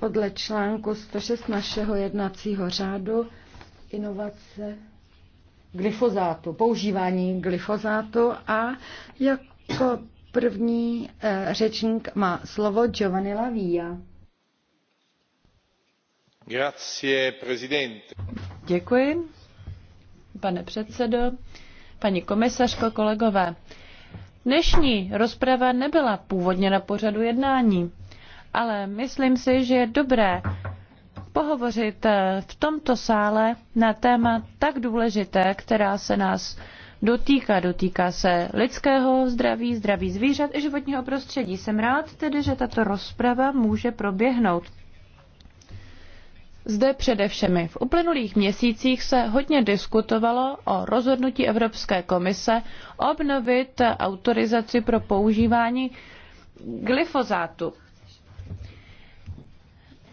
Podle článku 106 našeho jednacího řádu inovace glyfozátu, používání glyfozátu a jako první eh, řečník má slovo Giovanni Lavia. Grazie, presidente. Děkuji, pane předsedo, paní komisařko, kolegové. Dnešní rozprava nebyla původně na pořadu jednání ale myslím si, že je dobré pohovořit eh, v tomto sále na téma tak důležité, která se nás dotýká. Dotýká se lidského zdraví, zdraví zvířat i životního prostředí. Jsem rád tedy, že tato rozprava může proběhnout. Zde především v uplynulých měsících se hodně diskutovalo o rozhodnutí Evropské komise obnovit autorizaci pro používání glyfozátu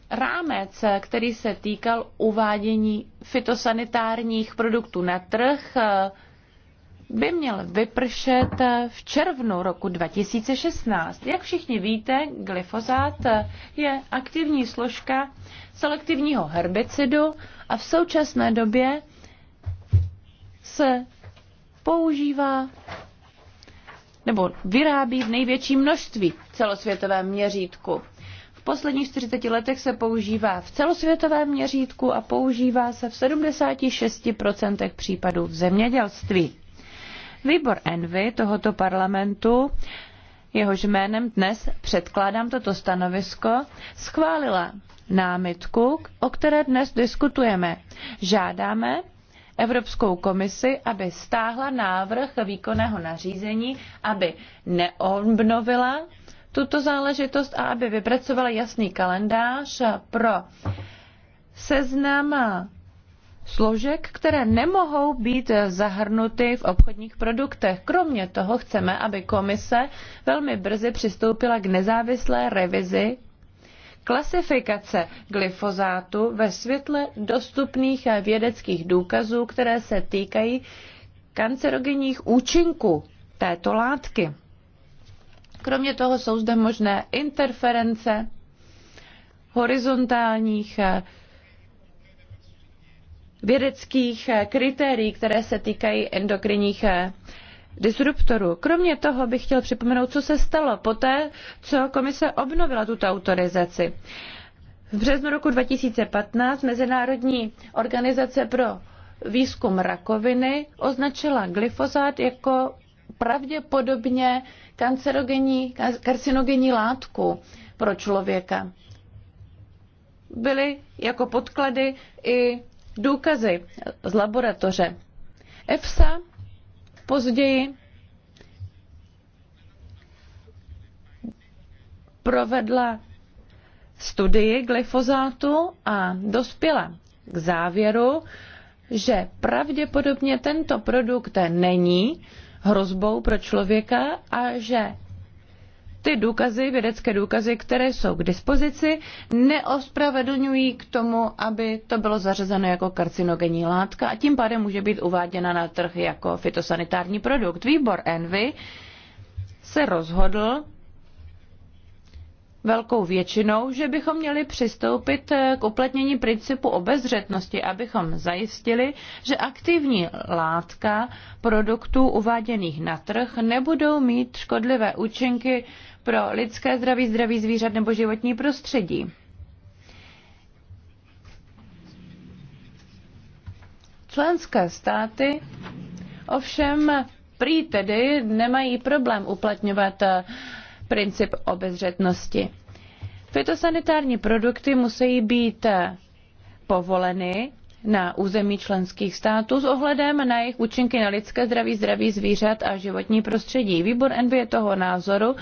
rámec, který se týkal uvádění fitosanitárních produktů na trh, by měl vypršet v červnu roku 2016. Jak všichni víte, glyfozát je aktivní složka selektivního herbicidu a v současné době se používá nebo vyrábí v největším množství celosvětové měřítku posledních 40 letech se používá v celosvětovém měřítku a používá se v 76% případů v zemědělství. Výbor Envy tohoto parlamentu jehož jménem dnes předkládám toto stanovisko, schválila námitku, o které dnes diskutujeme. Žádáme Evropskou komisi, aby stáhla návrh výkonného nařízení, aby neobnovila tuto záležitost a aby vypracovala jasný kalendář pro seznam složek, které nemohou být zahrnuty v obchodních produktech. Kromě toho chceme, aby komise velmi brzy přistoupila k nezávislé revizi klasifikace glyfozátu ve světle dostupných vědeckých důkazů, které se týkají kancerogenních účinků této látky. Kromě toho jsou zde možné interference horizontálních eh, vědeckých eh, kritérií, které se týkají endokrinních eh, disruptorů. Kromě toho bych chtěl připomenout, co se stalo poté, co komise obnovila tuto autorizaci. V březnu roku 2015 Mezinárodní organizace pro výzkum rakoviny označila glyfozát jako pravděpodobně kancerogenní, karcinogenní látku pro člověka. Byly jako podklady i důkazy z laboratoře. EFSA později provedla studii glyfozátu a dospěla k závěru, že pravděpodobně tento produkt není hrozbou pro člověka a že ty důkazy, vědecké důkazy, které jsou k dispozici, neospravedlňují k tomu, aby to bylo zařazeno jako karcinogenní látka a tím pádem může být uváděna na trh jako fitosanitární produkt. Výbor Envy se rozhodl velkou většinou, že bychom měli přistoupit eh, k uplatnění principu obezřetnosti, abychom zajistili, že aktivní látka produktů uváděných na trh nebudou mít škodlivé účinky pro lidské zdraví, zdraví zvířat nebo životní prostředí. Členské státy ovšem prý tedy nemají problém uplatňovat eh, princip obezřetnosti. Fytosanitární produkty musí být eh, povoleny na území členských států s ohledem na jejich účinky na lidské zdraví, zdraví zvířat a životní prostředí. Výbor NB je toho názoru,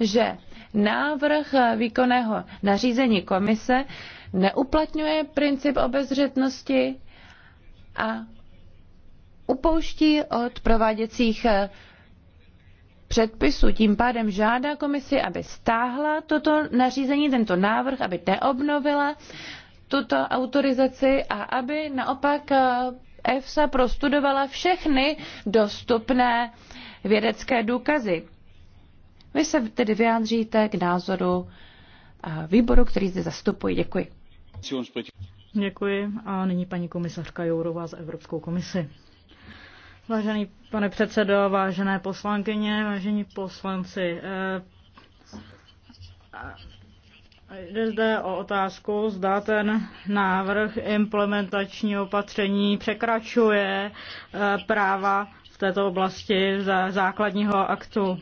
že návrh eh, výkonného nařízení komise neuplatňuje princip obezřetnosti a upouští od prováděcích eh, Předpisu Tím pádem žádá komisi, aby stáhla toto nařízení, tento návrh, aby neobnovila tuto autorizaci a aby naopak eh, EFSA prostudovala všechny dostupné vědecké důkazy. Vy se tedy vyjádříte k názoru eh, výboru, který zde zastupuji. Děkuji. Děkuji. A nyní paní komisařka Jourová z Evropskou komisi. Vážený pane předsedo, vážené poslankyně, vážení poslanci, eh, jde zde o otázku, zda ten návrh implementačního opatření překračuje eh, práva v této oblasti za základního aktu.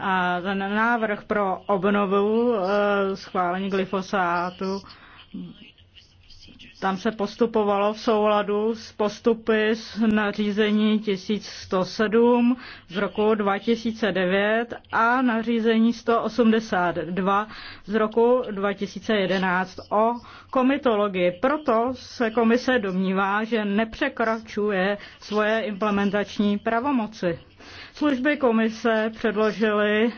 A ten návrh pro obnovu eh, schválení glyfosátu tam se postupovalo v souladu s postupy z nařízení 1107 z roku 2009 a nařízení 182 z roku 2011 o komitologii. Proto se komise domnívá, že nepřekračuje svoje implementační pravomoci. Služby komise předložily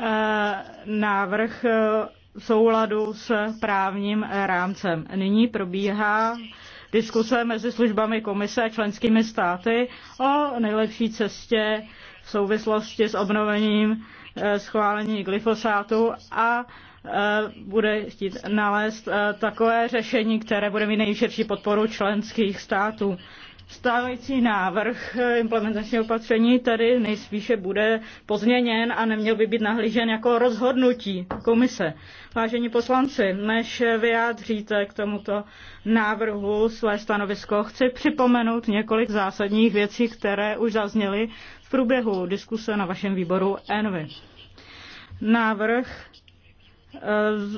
eh, návrh eh, v souladu s právním rámcem. Nyní probíhá diskuse mezi službami komise a členskými státy o nejlepší cestě v souvislosti s obnovením eh, schválení glyfosátu a eh, bude chtít nalézt eh, takové řešení, které bude mít nejširší podporu členských států. Stávající návrh implementačního opatření tady nejspíše bude pozměněn a neměl by být nahlížen jako rozhodnutí komise. Vážení poslanci, než vyjádříte k tomuto návrhu své stanovisko, chci připomenout několik zásadních věcí, které už zazněly v průběhu diskuse na vašem výboru ENVY. Návrh eh,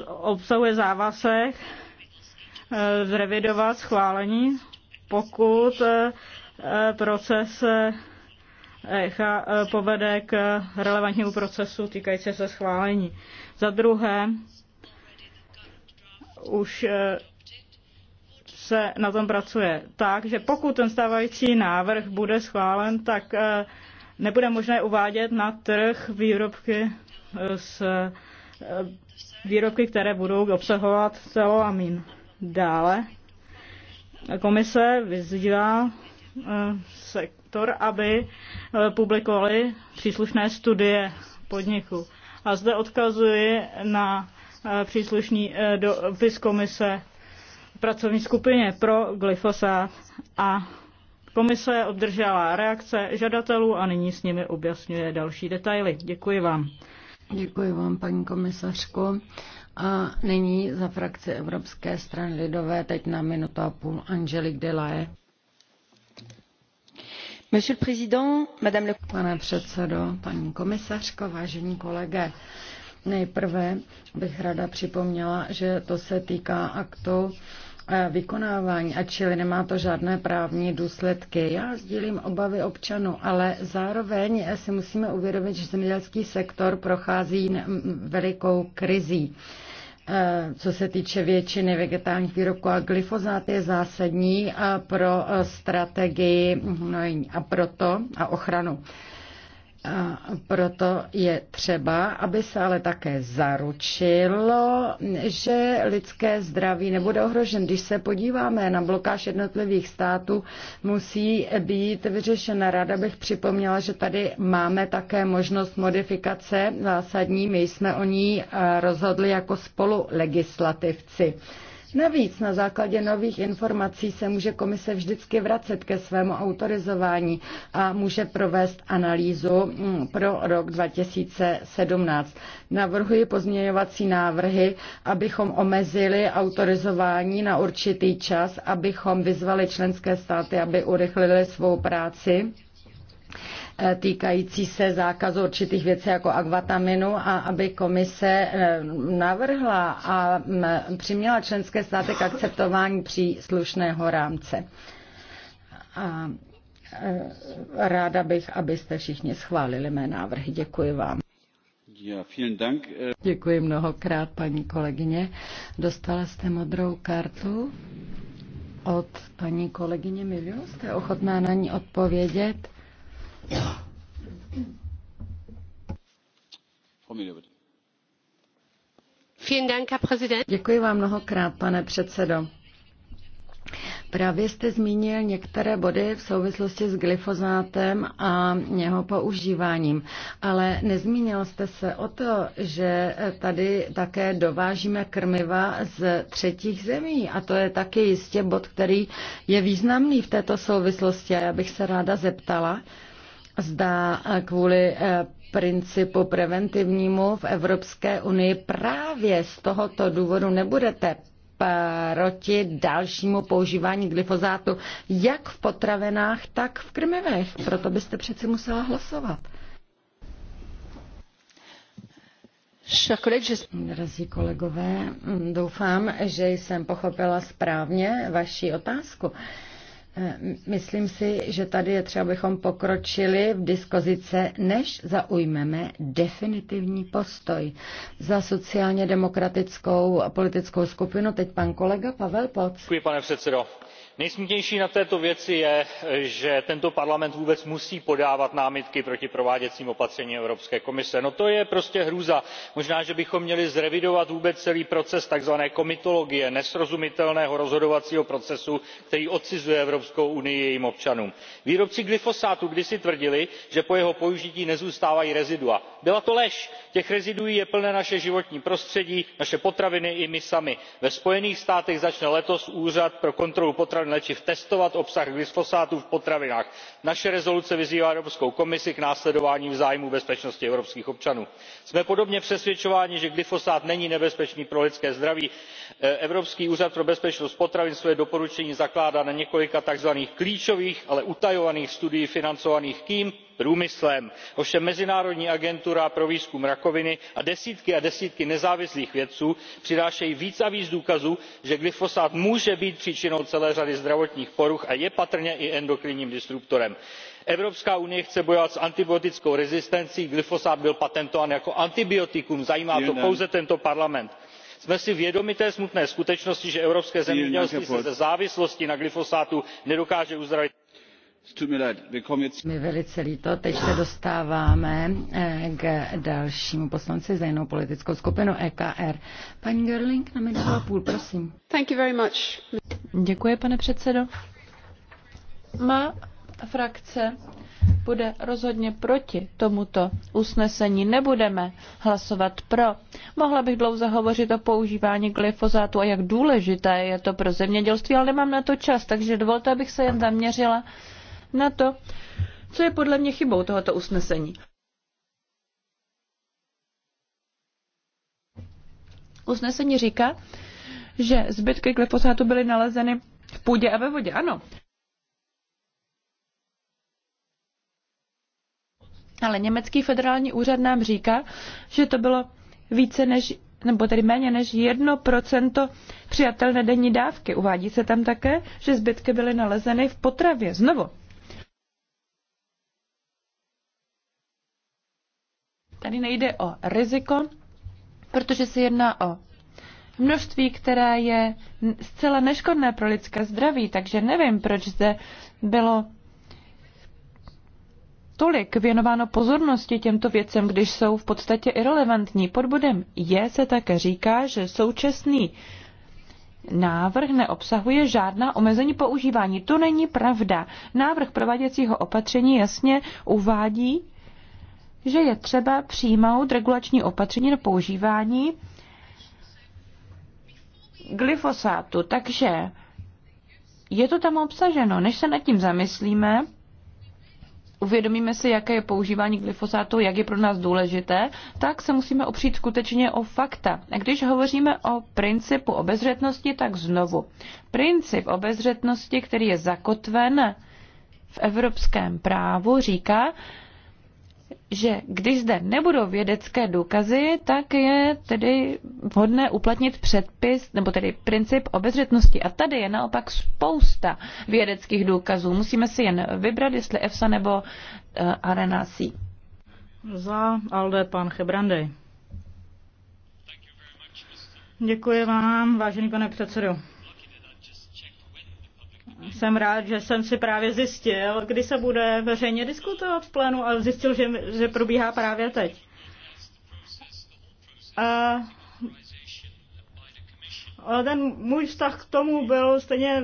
obsahuje závazek eh, zrevidovat schválení pokud eh, proces eh, ECHA eh, povede k relevantnímu procesu týkající se schválení. Za druhé, už se na tom pracuje tak, že pokud ten stávající návrh bude schválen, tak nebude možné uvádět na trh výrobky s výrobky, které budou obsahovat celoamin. Dále Komise vyzývá eh, sektor, aby eh, publikovali příslušné studie podniku. A zde odkazuji na eh, příslušný dopis komise pracovní skupině pro glyfosát a komise obdržela reakce žadatelů a nyní s nimi objasňuje další detaily. Děkuji vám. Děkuji vám, paní komisařko. A nyní za frakci Evropské strany lidové, teď na minutu a půl, Angelique Delaye. Monsieur le Président, Madame le... Pane předsedo, paní komisařko, vážení kolegé, nejprve bych rada připomněla, že to se týká aktu vykonávání, a čili nemá to žádné právní důsledky. Já sdílím obavy občanů, ale zároveň si musíme uvědomit, že zemědělský sektor prochází velikou krizí e, co se týče většiny vegetálních výrobků a glyfozát je zásadní pro e, strategii a proto a ochranu. A proto je třeba, aby se ale také zaručilo, že lidské zdraví nebude ohrožen. Když se podíváme na blokáž jednotlivých států, musí být vyřešena. Rada bych připomněla, že tady máme také možnost modifikace zásadní. My jsme o ní eh, rozhodli jako spolulegislativci. legislativci. Navíc na základě nových informací se může komise vždycky vracet ke svému autorizování a může provést analýzu mm, pro rok 2017. Navrhuji pozměňovací návrhy, abychom omezili autorizování na určitý čas, abychom vyzvali členské státy, aby urychlili svou práci Eh, týkající se zákazu určitých věcí jako akvataminu a aby komise eh, navrhla a mm, přiměla členské státy k akceptování příslušného rámce. A eh, ráda bych, abyste všichni schválili mé návrhy. Děkuji vám. Děkuji mnohokrát, paní kolegyně. Dostala jste modrou kartu od paní kolegyně Milio. Jste ochotná na ní odpovědět? Děkuji vám pane předsedající Právě jste zmínil některé body v souvislosti s glyfosátem a jeho používáním, ale nezmínil jste se o to, že tady také dovážíme krmiva z třetích zemí a to je taky jistě bod, který je významný v této souvislosti a já bych se ráda zeptala, zda eh, kvůli eh, principu preventivnímu v Evropské unii právě z tohoto důvodu nebudete proti dalšímu používání glyfozátu jak v potravinách, tak v krmivech. Proto byste přeci musela hlasovat. Drazí kolegové, mm, doufám, že jsem pochopila správně vaši otázku. Eh, myslím si, že tady je třeba, bychom pokročili v diskozice, než zaujmeme definitivní postoj. Za sociálně demokratickou politickou skupinu teď pan kolega Pavel Poc. Děkuji, pane předsedo nejsmutnější na této věci je že tento parlament vůbec musí podávat námitky proti prováděcím opatřením evropské komise. no to je prostě hrůza. možná že bychom měli zrevidovat vůbec celý proces takzvané komitologie nesrozumitelného rozhodovacího procesu který odcizuje evropskou unii jejím občanům. výrobci glyfosátu kdysi tvrdili že po jeho použití nezůstávají rezidua. byla to lež. těch reziduí je plné naše životní prostředí naše potraviny i my sami. ve spojených státech začne letos úřad pro kontrolu potravinových zákaz léčiv testovat obsah glyfosátu v potravinách. naše rezoluce vyzývá evropskou komisi k následování v zájmu bezpečnosti evropských občanů. jsme podobně přesvědčováni že glyfosát není nebezpečný pro lidské zdraví. E, evropský úřad pro bezpečnost potravin své doporučení zakládá na několika takzvaných klíčových ale utajovaných studiích financovaných kým? průmyslem. ovšem mezinárodní agentura pro výzkum rakoviny a desítky a desítky nezávislých vědců přinášejí víc a víc důkazů že glyfosát může být příčinou celé řady zdravotních poruch a je patrně i endokrinním disruptorem. evropská unie chce bojovat s antibiotickou rezistencí glyfosát byl patentován jako antibiotikum zajímá to pouze tento parlament. jsme si vědomi té smutné skutečnosti že evropské zemědělství se ze závislosti na glyfosátu nedokáže uzdravit. Mi velice líto, teď se dostáváme eh, k dalšímu poslanci za jinou politickou skupinu EKR. Paní Gerling, na minutu a půl, prosím. Děkuji, pane předsedo. Má frakce bude rozhodně proti tomuto usnesení. Nebudeme hlasovat pro. Mohla bych dlouze hovořit o používání glyfozátu a jak důležité je to pro zemědělství, ale nemám na to čas, takže dovolte, abych se jen zaměřila na to, co je podle mě chybou tohoto usnesení. Usnesení říká, že zbytky glyfosátu byly nalezeny v půdě a ve vodě. Ano. Ale německý federální úřad nám říká, že to bylo více než, nebo tedy méně než 1% přijatelné denní dávky. Uvádí se tam také, že zbytky byly nalezeny v potravě. Znovu, Tady nejde o riziko, protože se jedná o množství, které je zcela neškodné pro lidské zdraví, takže nevím, proč zde bylo tolik věnováno pozornosti těmto věcem, když jsou v podstatě irrelevantní. Pod bodem je se také říká, že současný návrh neobsahuje žádná omezení používání. To není pravda. Návrh prováděcího opatření jasně uvádí, že je třeba přijmout regulační opatření na používání glyfosátu. Takže je to tam obsaženo. Než se nad tím zamyslíme, uvědomíme si, jaké je používání glyfosátu, jak je pro nás důležité, tak se musíme opřít skutečně o fakta. A když hovoříme o principu obezřetnosti, tak znovu. Princip obezřetnosti, který je zakotven v evropském právu, říká, že když zde nebudou vědecké důkazy, tak je tedy vhodné uplatnit předpis, nebo tedy princip obezřetnosti. A tady je naopak spousta vědeckých důkazů. Musíme si jen vybrat, jestli EFSA nebo uh, eh, RNAC. Za Alde pan Chebrandej. Děkuji vám, vážený pane předsedo jsem rád, že jsem si právě zjistil, kdy se bude veřejně diskutovat v plénu a zjistil, že, že probíhá právě teď. A ale ten můj vztah k tomu byl stejně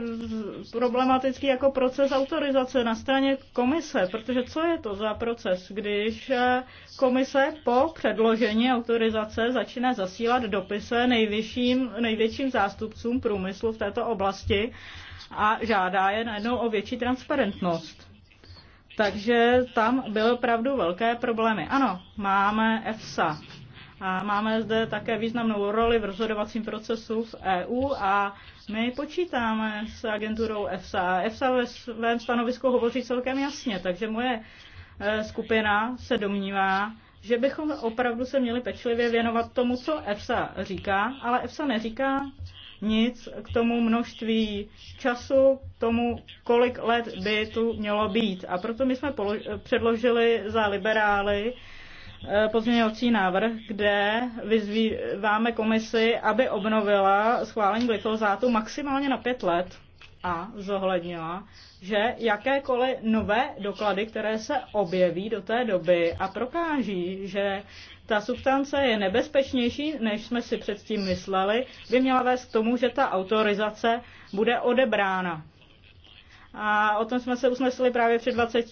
problematický jako proces autorizace na straně komise, protože co je to za proces, když eh, komise po předložení autorizace začne zasílat dopise nejvyšším, největším zástupcům průmyslu v této oblasti a žádá je najednou o větší transparentnost. Takže tam byly opravdu velké problémy. Ano, máme EFSA a máme zde také významnou roli v rozhodovacím procesu v EU a my počítáme s agenturou EFSA. EFSA ve svém stanovisku hovoří celkem jasně, takže moje eh, skupina se domnívá, že bychom opravdu se měli pečlivě věnovat tomu, co EFSA říká, ale EFSA neříká nic k tomu množství času, k tomu, kolik let by tu mělo být. A proto my jsme předložili za liberály eh, pozměňovací návrh, kde vyzýváme komisi, aby obnovila schválení glyfozátu maximálně na pět let a zohlednila, že jakékoliv nové doklady, které se objeví do té doby a prokáží, že ta substance je nebezpečnější, než jsme si předtím mysleli, by měla vést k tomu, že ta autorizace bude odebrána. A o tom jsme se usnesli právě před 20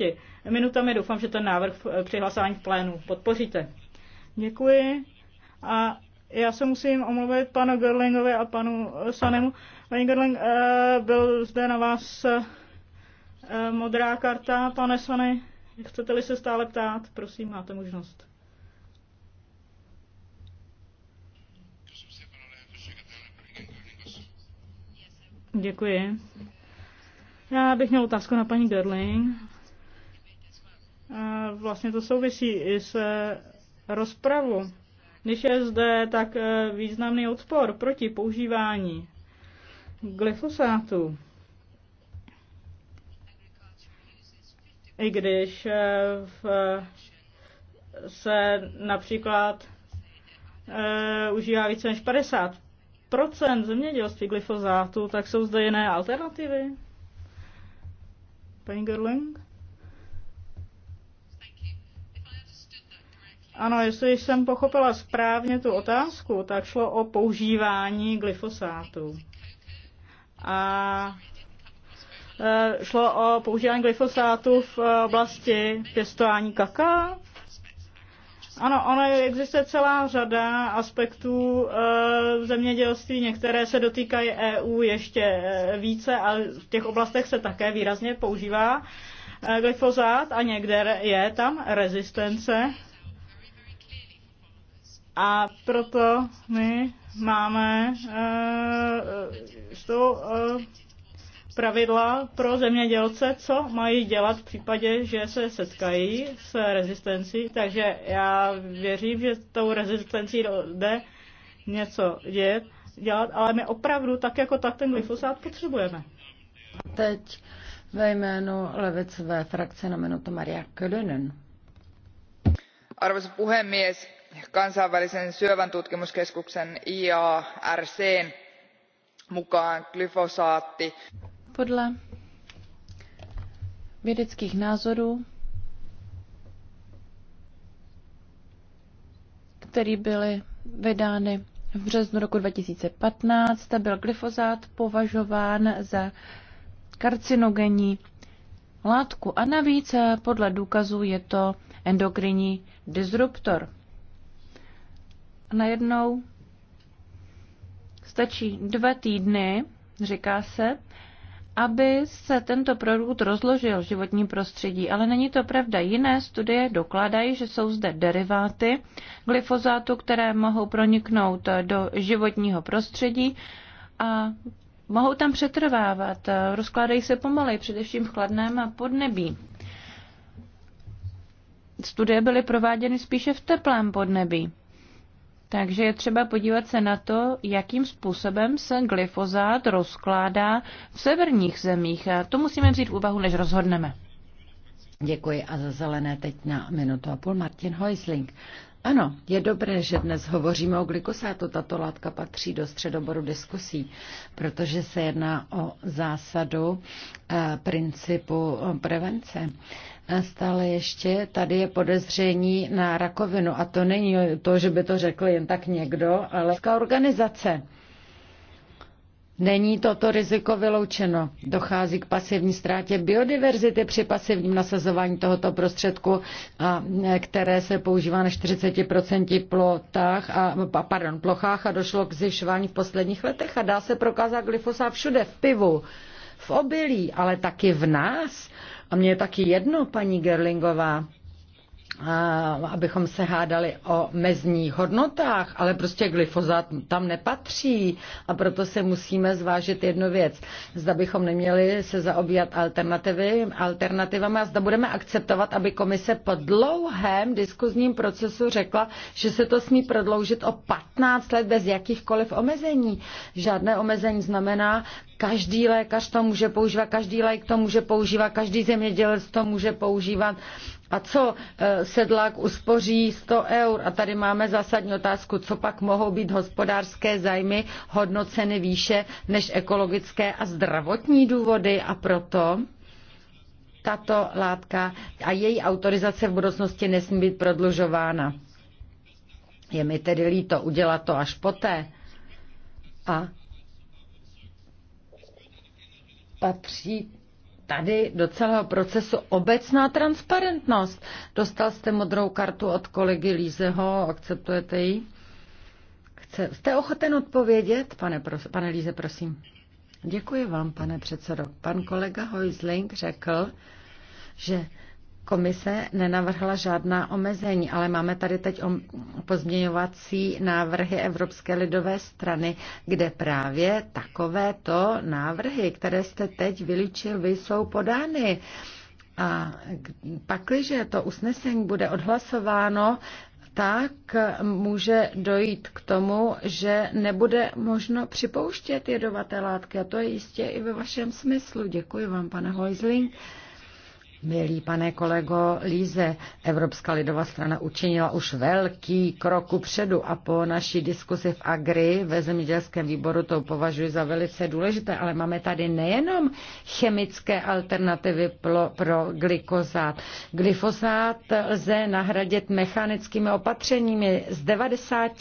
minutami. Doufám, že ten návrh při hlasování v plénu podpoříte. Děkuji. A já se musím omluvit panu Gerlingovi a panu Sanemu. Pani Gerling, eh, byl zde na vás eh, modrá karta, pane Sany. Chcete-li se stále ptát, prosím, máte možnost. Děkuji. Já bych měl otázku na paní Gerling. Vlastně to souvisí i s rozpravou. Když je zde tak e, významný odpor proti používání glyfosátu, i když e, v, se například e, užívá více než 50 Procent zemědělství glyfozátu, tak jsou zde jiné alternativy? Paní Gerling? Ano, jestli jsem pochopila správně tu otázku, tak šlo o používání glyfosátu. A e, šlo o používání glyfosátu v oblasti pěstování kaká. Ano, ono existuje celá řada aspektů eh, v zemědělství, některé se dotýkají EU ještě eh, více a v těch oblastech se také výrazně používá eh, glyfozát a někde je tam rezistence. A proto my máme s tou pravidla pro zemědělce, co mají dělat v případě, že se setkají s rezistencí. Takže já věřím, že tou rezistencí jde něco dět, dělat, ale my opravdu tak jako tak ten glyfosát potřebujeme. Teď ve jménu levicové frakce na minutu Maria Kölönen. Arvoisa puhemies, kansainvälisen syövän IARCn mukaan glyfosaatti podle vědeckých názorů, které byly vydány v březnu roku 2015, byl glyfozát považován za karcinogenní látku a navíc podle důkazů je to endokrinní disruptor. A najednou stačí dva týdny, říká se, aby se tento produkt rozložil v životním prostředí, ale není to pravda. Jiné studie dokládají, že jsou zde deriváty glyfozátu, které mohou proniknout do životního prostředí a mohou tam přetrvávat, rozkládají se pomalej, především v chladném podnebí. Studie byly prováděny spíše v teplém podnebí. Takže je třeba podívat se na to, jakým způsobem se glyfozát rozkládá v severních zemích. A to musíme vzít v úvahu, než rozhodneme. Děkuji a za zelené teď na minutu a půl Martin Heusling. Ano, je dobré, že dnes hovoříme o glykosátu. Tato látka patří do středoboru diskusí, protože se jedná o zásadu eh, principu eh, prevence. Eh, Stále ještě tady je podezření na rakovinu a to není to, že by to řekl jen tak někdo, ale organizace. Není toto riziko vyloučeno. Dochází k pasivní ztrátě biodiverzity při pasivním nasazování tohoto prostředku, a, které se používá na 40% plotách a, pardon, plochách a došlo k zvyšování v posledních letech a dá se prokázat glyfosát všude v pivu, v obilí, ale taky v nás a mně je taky jedno, paní Gerlingová, abychom se hádali o mezních hodnotách, ale prostě glyfozát tam nepatří a proto se musíme zvážit jednu věc. Zda bychom neměli se zaobírat alternativy, alternativami a zda budeme akceptovat, aby komise po dlouhém diskuzním procesu řekla, že se to smí prodloužit o 15 let bez jakýchkoliv omezení. Žádné omezení znamená, každý lékař to může používat, každý lék to může používat, každý zemědělec to může používat a co e, sedlák uspoří 100 eur? A tady máme zásadní otázku, co pak mohou být hospodářské zájmy hodnoceny výše než ekologické a zdravotní důvody a proto tato látka a její autorizace v budoucnosti nesmí být prodlužována. Je mi tedy líto udělat to až poté. A patří tady do celého procesu obecná transparentnost. Dostal jste modrou kartu od kolegy Lízeho, akceptujete ji? Chce, jste ochoten odpovědět? Pane, pros, pane Líze, prosím. Děkuji vám, pane předsedo. Pan kolega Hojzling řekl, že Komise nenavrhla žádná omezení, ale máme tady teď pozměňovací návrhy Evropské lidové strany, kde právě takovéto návrhy, které jste teď vylíčil, vy jsou podány. A pakliže to usnesení bude odhlasováno, tak může dojít k tomu, že nebude možno připouštět jedovaté látky. A to je jistě i ve vašem smyslu. Děkuji vám, pane Hojzling. Milý pane kolego Líze, Evropská lidová strana učinila už velký krok předu a po naší diskusi v Agri ve zemědělském výboru to považuji za velice důležité, ale máme tady nejenom chemické alternativy pro, pro glykozát. Glyfosát lze nahradit mechanickými opatřeními z 90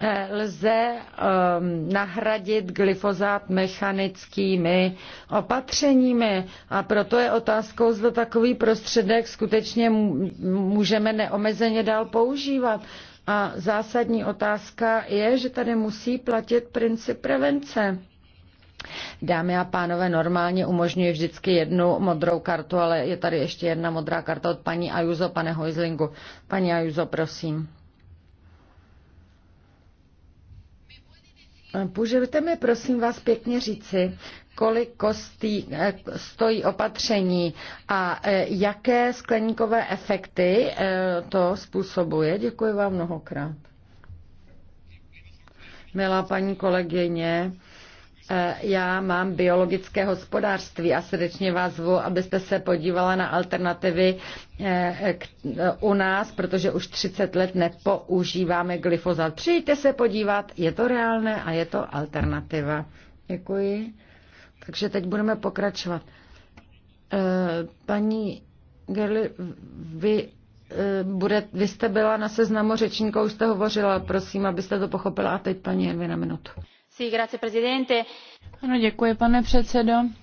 Eh, lze ehm, nahradit glyfozát mechanickými opatřeními. A proto je otázkou, zda takový prostředek skutečně můžeme neomezeně dál používat. A zásadní otázka je, že tady musí platit princip prevence. Dámy a pánové, normálně umožňuji vždycky jednu modrou kartu, ale je tady ještě jedna modrá karta od paní Ajuzo, pane Hojzlingu. Paní Ajuzo, prosím. Můžete eh, mi prosím vás pěkně říci, kolik kostí, eh, stojí opatření a eh, jaké skleníkové efekty to způsobuje? Děkuji vám mnohokrát. Milá paní kolegyně, Eh, já mám biologické hospodářství a srdečně vás zvu, abyste se podívala na alternativy eh, eh, u nás, protože už 30 let nepoužíváme glyfozat. Přijďte se podívat, je to reálné a je to alternativa. Děkuji. Takže teď budeme pokračovat. Paní Gerli, vy bude, vy jste byla na seznamu řečníků, už jste hovořila, prosím, abyste to pochopila. A teď paní Ervina na minutu děkuji, pane předsedající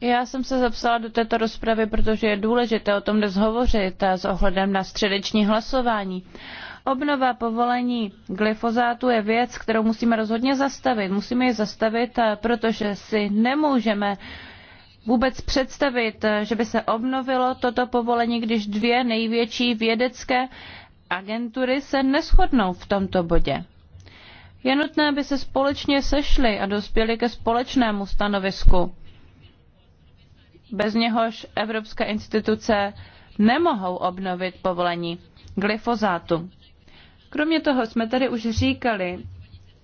Já jsem se zapsala do této rozpravy, protože je důležité o tom dnes hovořit s ohledem na středeční hlasování. Obnova povolení glyfosátu je věc, kterou musíme rozhodně zastavit. Musíme ji zastavit, eh, protože si nemůžeme vůbec představit, eh, že by se obnovilo toto povolení, když dvě největší vědecké agentury se neschodnou v tomto bodě. Je nutné, aby se společně sešli a dospěli ke společnému stanovisku. Bez něhož evropské instituce nemohou obnovit povolení glyfozátu. Kromě toho jsme tady už říkali,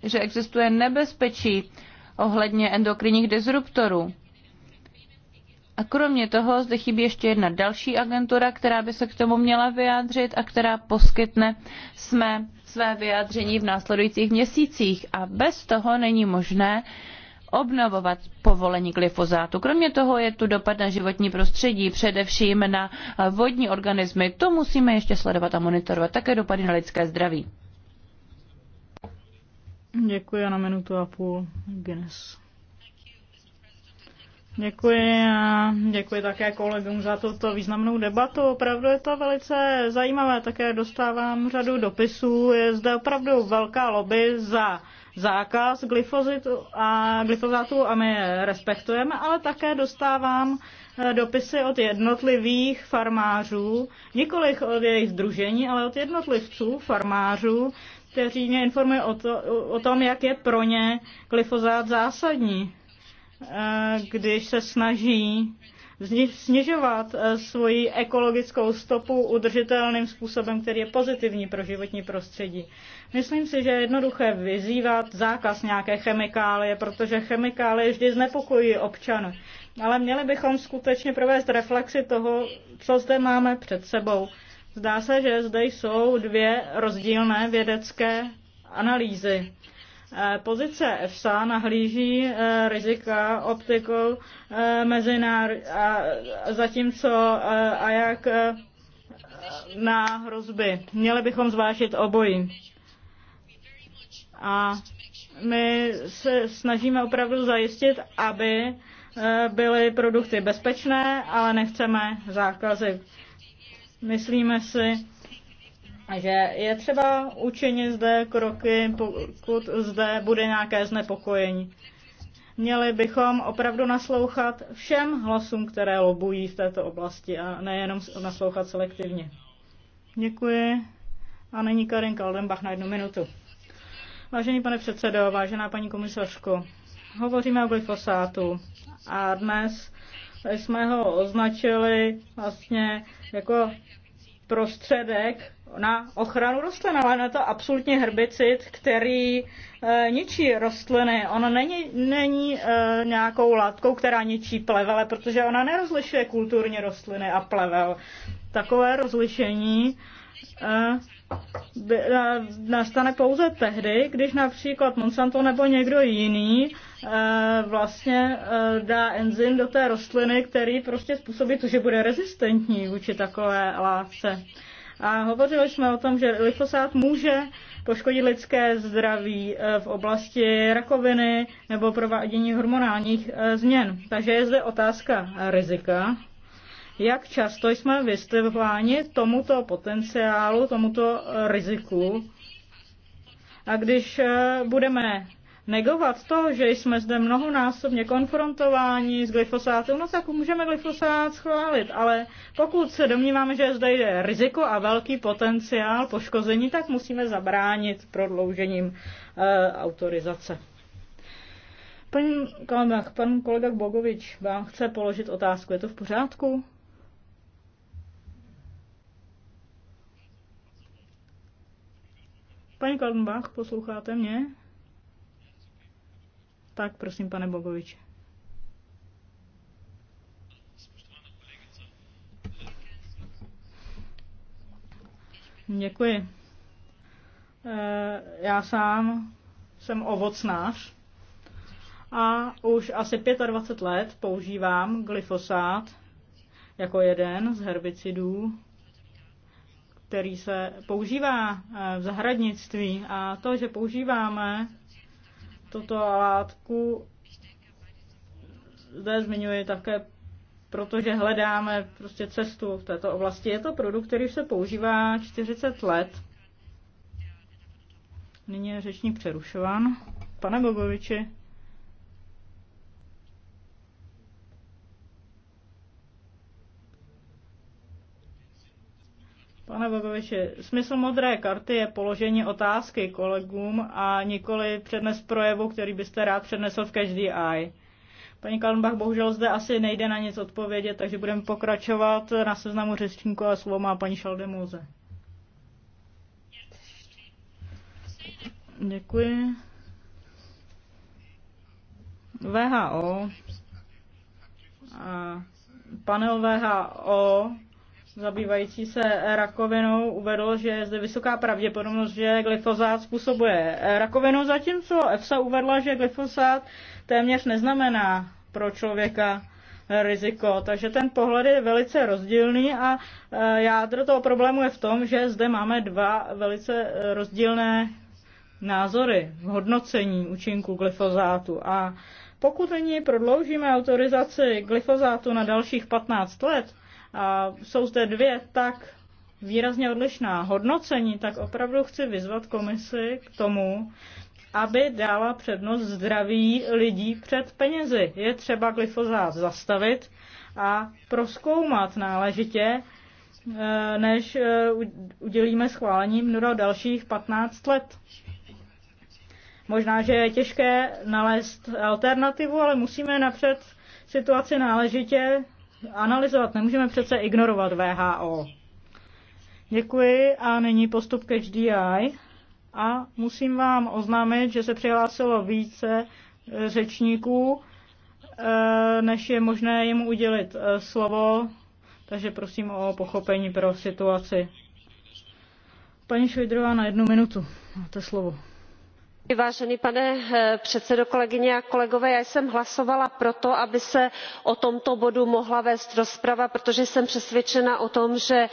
že existuje nebezpečí ohledně endokrinních disruptorů. A kromě toho zde chybí ještě jedna další agentura, která by se k tomu měla vyjádřit a která poskytne jsme své vyjádření v následujících měsících. A bez toho není možné obnovovat povolení glyfozátu. Kromě toho je tu dopad na životní prostředí, především na vodní organismy. To musíme ještě sledovat a monitorovat. Také dopady na lidské zdraví. Děkuji na minutu a půl. Guinness. Děkuji a děkuji také kolegům za tuto významnou debatu. Opravdu je to velice zajímavé. Také dostávám řadu dopisů. Je zde opravdu velká lobby za zákaz glyfozitu a glyfozátu a my je respektujeme, ale také dostávám eh, dopisy od jednotlivých farmářů, nikoliv od jejich združení, ale od jednotlivců, farmářů, kteří mě informují o, to, o tom, jak je pro ně glyfozát zásadní. Eh, když se snaží snižovat eh, svoji ekologickou stopu udržitelným způsobem, který je pozitivní pro životní prostředí. Myslím si, že je jednoduché vyzývat zákaz nějaké chemikálie, protože chemikálie vždy znepokojí občany. Ale měli bychom skutečně provést reflexi toho, co zde máme před sebou. Zdá se, že zde jsou dvě rozdílné vědecké analýzy. Eh, pozice EFSA nahlíží eh, rizika optikou eh, mezinárodní, a zatímco a jak na hrozby. Měli bychom zvážit obojí. A my se snažíme opravdu zajistit, aby byly produkty bezpečné, ale nechceme zákazy. Myslíme si, že je třeba učinit zde kroky, pokud zde bude nějaké znepokojení. Měli bychom opravdu naslouchat všem hlasům, které lobují v této oblasti a nejenom naslouchat selektivně. Děkuji. A nyní Karin Kaldenbach na jednu minutu. Vážený pane předsedo, vážená paní komisařko, hovoříme o glyfosátu a dnes jsme ho označili vlastně jako prostředek, na ochranu rostlin, ale na to absolutně herbicid, který e, ničí rostliny. Ono není, není e, nějakou látkou, která ničí plevele, protože ona nerozlišuje kulturně rostliny a plevel. Takové rozlišení e, by, e, nastane pouze tehdy, když například Monsanto nebo někdo jiný e, vlastně e, dá enzym do té rostliny, který prostě způsobí to, že bude rezistentní vůči takové látce. A hovořili jsme o tom, že glyfosát může poškodit lidské zdraví eh, v oblasti rakoviny nebo provádění hormonálních eh, změn. Takže je zde otázka rizika. Jak často jsme vystavováni tomuto potenciálu, tomuto riziku? A když eh, budeme negovat to, že jsme zde mnohonásobně konfrontováni s glyfosátem, no tak můžeme glyfosát schválit, ale pokud se domníváme, že zde je riziko a velký potenciál poškození, tak musíme zabránit prodloužením e, autorizace. Pan, Kalmach, pan kolega Bogovič vám chce položit otázku. Je to v pořádku? Paní Kaldenbach, posloucháte mě? Tak prosím, pane Bogovič. Děkuji. Eh, já sám jsem ovocnář a už asi 25 let používám glyfosát jako jeden z herbicidů, který se používá eh, v zahradnictví. A to, že používáme tuto látku zde zmiňuji také, protože hledáme prostě cestu v této oblasti. Je to produkt, který se používá 40 let. Nyní je řečník přerušován. Pane Bogoviči, Pane Babiši, smysl modré karty je položení otázky kolegům a nikoli přednes projevu, který byste rád přednesl v každý aj. Paní Kalmbach, bohužel zde asi nejde na nic odpovědět, takže budeme pokračovat na seznamu řečníků a slovo má paní Šaldemuze. Děkuji. VHO a panel VHO zabývající se rakovinou uvedl, že je zde vysoká pravděpodobnost, že glyfosát způsobuje rakovinu, zatímco EFSA uvedla, že glyfosát téměř neznamená pro člověka riziko. Takže ten pohled je velice rozdílný a e, jádro toho problému je v tom, že zde máme dva velice e, rozdílné názory v hodnocení účinku glyfozátu. A pokud nyní prodloužíme autorizaci glyfozátu na dalších 15 let, a jsou zde dvě tak výrazně odlišná hodnocení, tak opravdu chci vyzvat komisi k tomu, aby dala přednost zdraví lidí před penězi. Je třeba glyfozát zastavit a proskoumat náležitě, e, než e, udělíme schválení mnoho dalších 15 let. Možná, že je těžké nalézt alternativu, ale musíme napřed situaci náležitě analyzovat. Nemůžeme přece ignorovat VHO. Děkuji a nyní postup ke HDI. A musím vám oznámit, že se přihlásilo více e, řečníků, e, než je možné jim udělit e, slovo, takže prosím o pochopení pro situaci. Paní Švidrová, na jednu minutu. Máte slovo pane eh, předsedající kolegyně a kolegové já jsem hlasovala pro to aby se o tomto bodu mohla vést rozprava protože jsem přesvědčena o tom že je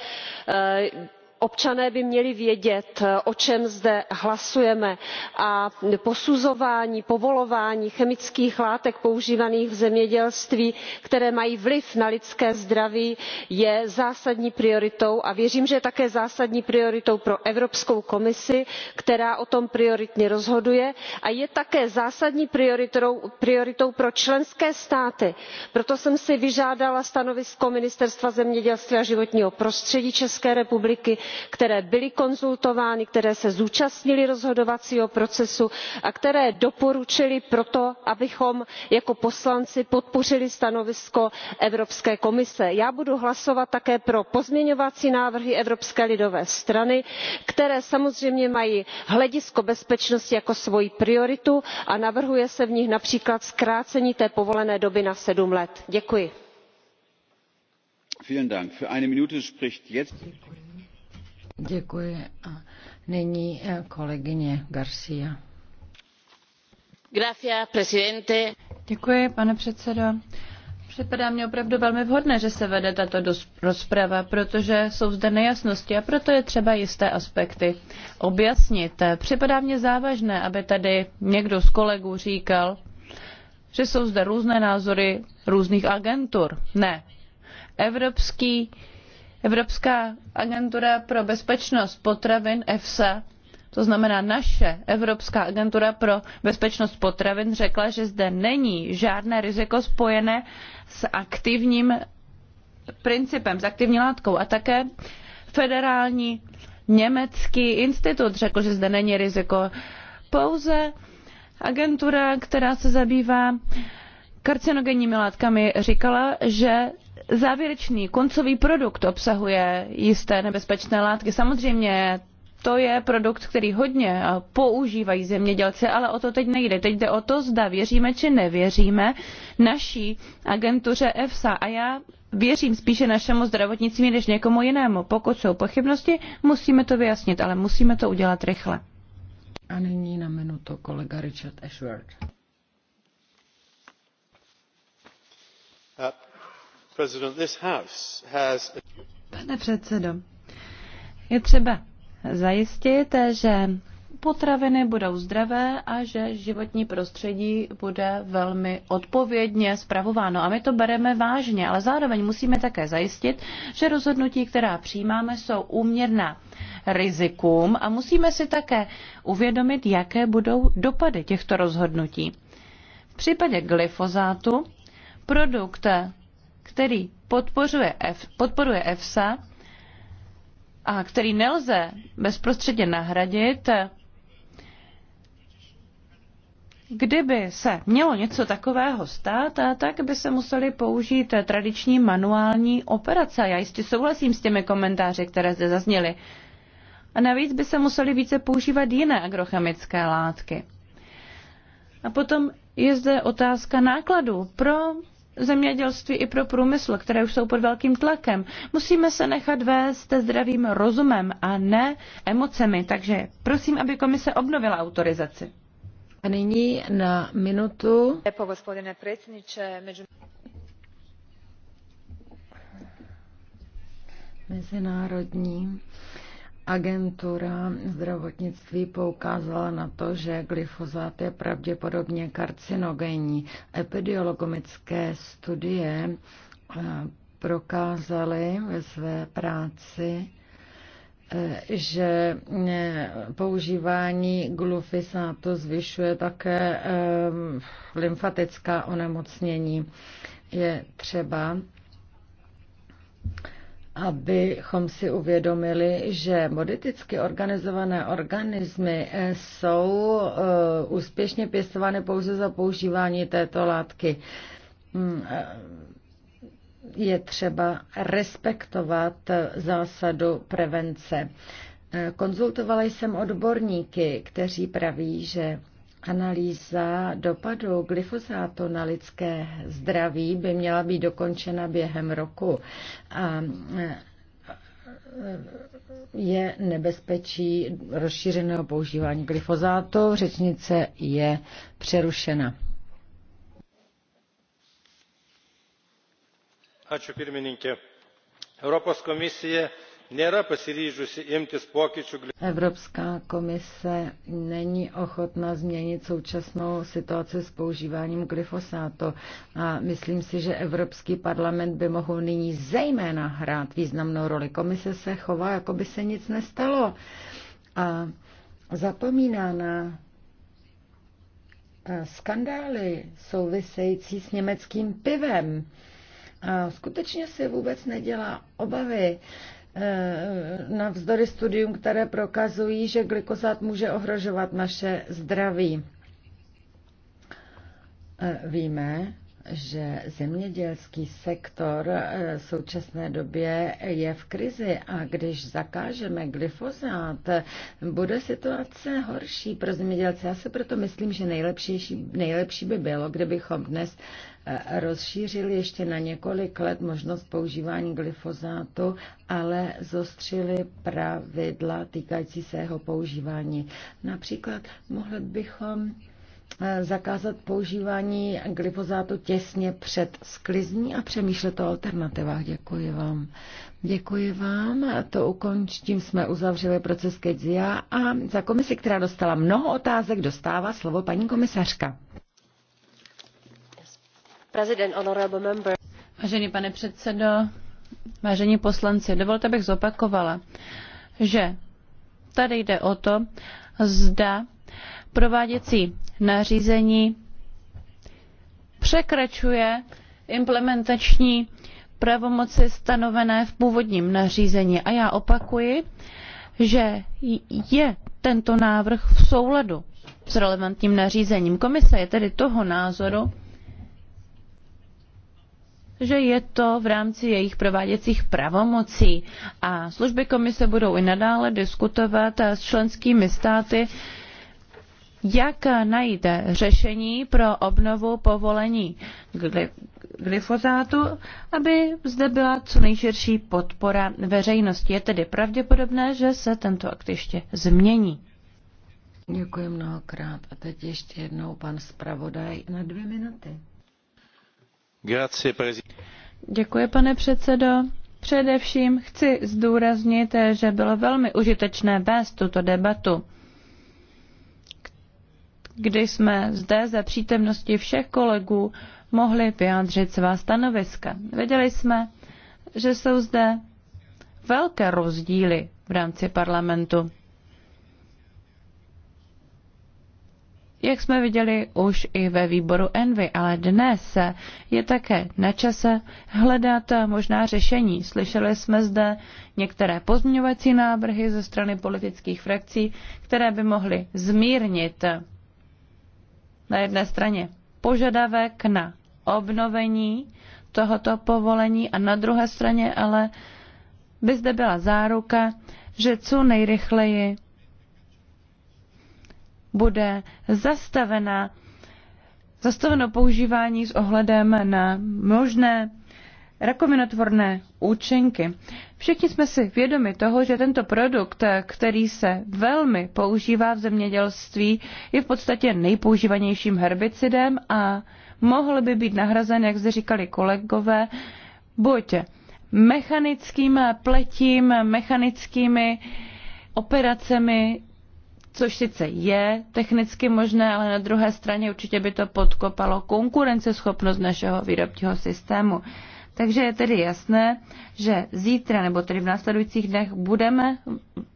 eh, občané by měli vědět eh, o čem zde hlasujeme a posuzování povolování chemických látek používaných v zemědělství které mají vliv na lidské zdraví je zásadní prioritou a věřím že je také zásadní prioritou pro evropskou komisi která o tom prioritně rozhoduje a je také zásadní prioritou pro členské státy. proto jsem si vyžádala stanovisko ministerstva zemědělství a životního prostředí české republiky které byly konzultovány které se zúčastnily rozhodovacího procesu a které doporučily proto abychom jako poslanci podpořili stanovisko evropské komise. já budu hlasovat také pro pozměňovací návrhy evropské lidové strany které samozřejmě mají hledisko bezpečnosti jako svoji prioritu a navrhuje se v nich například zkrácení té povolené doby na sedm let. děkuji. Děkuji. A nyní eh, kolegyně Garcia. Gracias, presidente. Děkuji, pane předsedo. Připadá mě opravdu velmi vhodné, že se vede tato rozprava, protože jsou zde nejasnosti a proto je třeba jisté aspekty objasnit. Připadá mě závažné, aby tady někdo z kolegů říkal, že jsou zde různé názory různých agentur. Ne. Evropský Evropská agentura pro bezpečnost potravin EFSA, to znamená naše Evropská agentura pro bezpečnost potravin, řekla, že zde není žádné riziko spojené s aktivním principem, s aktivní látkou. A také federální německý institut řekl, že zde není riziko. Pouze agentura, která se zabývá karcinogenními látkami, říkala, že závěrečný koncový produkt obsahuje jisté nebezpečné látky. Samozřejmě to je produkt, který hodně používají zemědělci, ale o to teď nejde. Teď jde o to, zda věříme či nevěříme naší agentuře EFSA. A já věřím spíše našemu zdravotnictví než někomu jinému. Pokud jsou pochybnosti, musíme to vyjasnit, ale musíme to udělat rychle. A nyní na minutu kolega Richard Ashworth. Pane předsedo, je třeba zajistit, že potraviny budou zdravé a že životní prostředí bude velmi odpovědně zpravováno. A my to bereme vážně, ale zároveň musíme také zajistit, že rozhodnutí, která přijímáme, jsou úměrná rizikům a musíme si také uvědomit, jaké budou dopady těchto rozhodnutí. V případě glyfozátu produkt který podporuje, F, podporuje EFSA a který nelze bezprostředně nahradit, kdyby se mělo něco takového stát, tak by se museli použít tradiční manuální operace. Já jistě souhlasím s těmi komentáři, které zde zazněly. A navíc by se museli více používat jiné agrochemické látky. A potom je zde otázka nákladů pro zemědělství i pro průmysl, které už jsou pod velkým tlakem. Musíme se nechat vést zdravým rozumem a ne emocemi, takže prosím, aby komise obnovila autorizaci. A nyní na minutu. Mezinárodní Agentura zdravotnictví poukázala na to, že glyfozát je pravděpodobně karcinogenní. Epidemiologické studie eh, prokázaly ve své práci, eh, že eh, používání glufisátu zvyšuje také lymfatická onemocnění. Je třeba abychom si uvědomili, že modeticky organizované organismy eh, jsou eh, úspěšně pěstovány pouze za používání této látky. Hmm, eh, je třeba respektovat zásadu prevence. Konzultovala jsem odborníky, kteří praví, že Analýza dopadu glyfosátu na lidské zdraví by měla být dokončena během roku. A je nebezpečí rozšířeného používání glyfosátu. Řečnice je přerušena. Ačiū pirmininkė. Evropská komisija Evropská komise není ochotna změnit současnou situaci s používáním glyfosátu a myslím si, že Evropský parlament by mohl nyní zejména hrát významnou roli. Komise se chová, jako by se nic nestalo a zapomíná na skandály související s německým pivem. A skutečně si vůbec nedělá obavy Eh, navzdory studium, které prokazují, že glykozát může ohrožovat naše zdraví. Eh, víme, že zemědělský sektor eh, v současné době je v krizi a když zakážeme glyfozát, bude situace horší pro zemědělce. Já se proto myslím, že nejlepší, nejlepší by bylo, kdybychom dnes Eh, rozšířili ještě na několik let možnost používání glyfozátu, ale zostřili pravidla týkající se jeho používání. Například mohli bychom eh, zakázat používání glyfozátu těsně před sklizní a přemýšlet o alternativách. Děkuji vám. Děkuji vám. A to ukončím. tím jsme uzavřeli proces Kedzia a za komisi, která dostala mnoho otázek, dostává slovo paní komisařka. Vážený pane předsedo, vážení poslanci, dovolte, abych zopakovala, že tady jde o to, zda prováděcí nařízení překračuje implementační pravomoci stanovené v původním nařízení. A já opakuji, že je tento návrh v souladu s relevantním nařízením. Komise je tedy toho názoru, že je to v rámci jejich prováděcích pravomocí a služby komise budou i nadále diskutovat s členskými státy, jak najít řešení pro obnovu povolení glyfozátu, aby zde byla co nejširší podpora veřejnosti. Je tedy pravděpodobné, že se tento akt ještě změní. Děkuji mnohokrát. A teď ještě jednou pan zpravodaj na dvě minuty pane předsedo. Především chci zdůraznit, že bylo velmi užitečné vést tuto debatu, kdy jsme zde za přítomnosti všech kolegů mohli vyjádřit svá stanoviska. Věděli jsme, že jsou zde velké rozdíly v rámci parlamentu. jak jsme viděli už i ve výboru Envy, ale dnes je také na čase hledat možná řešení. Slyšeli jsme zde některé pozměňovací návrhy ze strany politických frakcí, které by mohly zmírnit na jedné straně požadavek na obnovení tohoto povolení a na druhé straně ale by zde byla záruka, že co nejrychleji bude zastavena, zastaveno používání s ohledem na možné rakovinotvorné účinky. Všichni jsme si vědomi toho, že tento produkt, který se velmi používá v zemědělství, je v podstatě nejpoužívanějším herbicidem a mohl by být nahrazen, jak zde říkali kolegové, buď mechanickým pletím, mechanickými operacemi což sice je technicky možné, ale na druhé straně určitě by to podkopalo konkurenceschopnost našeho výrobního systému. Takže je tedy jasné, že zítra nebo tedy v následujících dnech budeme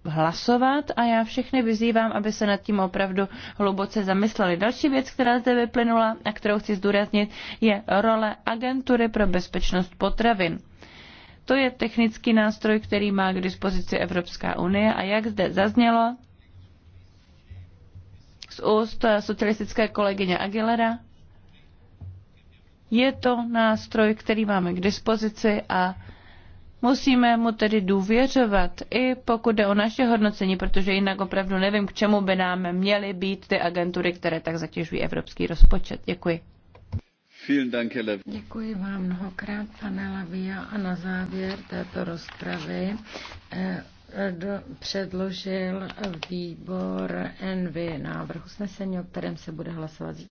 hlasovat a já všechny vyzývám, aby se nad tím opravdu hluboce zamysleli. Další věc, která zde vyplynula a kterou chci zdůraznit, je role agentury pro bezpečnost potravin. To je technický nástroj, který má k dispozici Evropská unie a jak zde zaznělo, z úst socialistické kolegyně Aguilera. Je to nástroj, který máme k dispozici a musíme mu tedy důvěřovat, i pokud jde o naše hodnocení, protože jinak opravdu nevím, k čemu by nám měly být ty agentury, které tak zatěžují evropský rozpočet. Děkuji. Děkuji vám mnohokrát, pane Lavia. A na závěr této rozpravy eh, předložil výbor NV návrh usnesení, o kterém se bude hlasovat.